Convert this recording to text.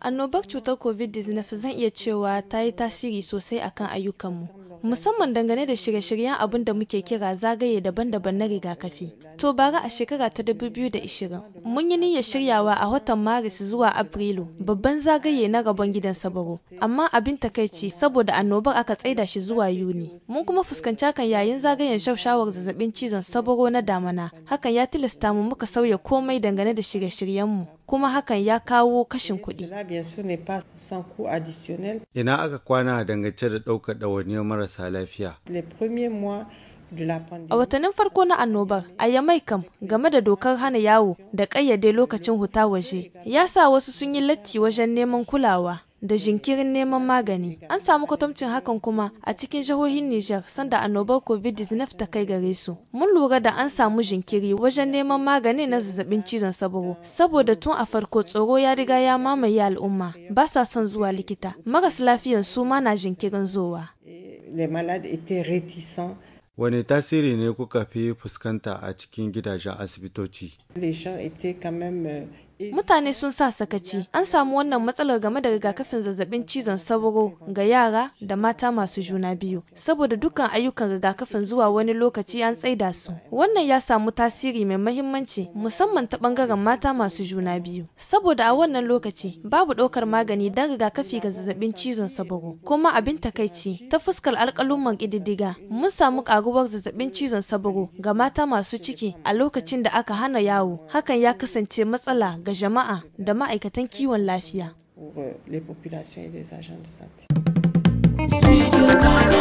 Annobar cutar COVID-19 zan iya cewa ta yi tasiri sosai akan ayyukanmu, musamman dangane da shirye-shiryen abin da muke kira zagaye daban-daban na rigakafi. To bara a shekara ta 2020, mun yi niyyar shiryawa a watan Maris zuwa Afrilu babban zagaye na rabon gidan sabaro, amma abin takaici saboda annobar aka tsaida shi zuwa Yuni. Mun kuma fuskanci hakan yayin zagayen shawar zazzabin cizon sabaro na damana, hakan ya tilasta mu muka sauya komai dangane da shirye-shiryenmu. kuma hakan ya kawo kashin kuɗi. Ina aka kwana dangance da ɗaukar ɗawainiyar marasa lafiya. A watannin farko na annobar, a Yamai kam game da dokar hana yawo da ƙayyade lokacin huta waje, ya sa wasu sun yi latti wajen neman kulawa. da jinkirin neman magani. An samu kwatamcin hakan kuma a cikin jihohin Nijar sanda annobar COVID-19 ta kai gare su. Mun lura da an samu jinkiri wajen neman magani na zazzabin cizon saburo, saboda tun a farko tsoro ya riga ya mamaye al'umma, ba sa son zuwa likita. Maras lafiyan su ma na jinkirin zowa. Wane tasiri ne kuka fi fuskanta a cikin gidajen asibitoci? Mutane sun sa sakaci. An samu wannan matsalar game da rigakafin zazzabin cizon sauro ga yara da mata masu juna biyu. Saboda dukkan ayyukan rigakafin zuwa wani lokaci an tsaida su. Wannan ya samu tasiri mai mahimmanci musamman ta bangaren mata masu juna biyu. Saboda a wannan lokaci babu ɗaukar magani don rigakafi ga zazzabin cizon sauro. Kuma abin takaici ta fuskar alƙaluman ƙididdiga mun samu ƙaruwar zazzabin cizon sauro ga mata masu ciki a lokacin da aka hana yawo. Hakan ya kasance matsala ga daga jama'a da ma'aikatan kiwon lafiya. Pour euh, les populations et les agents de santé.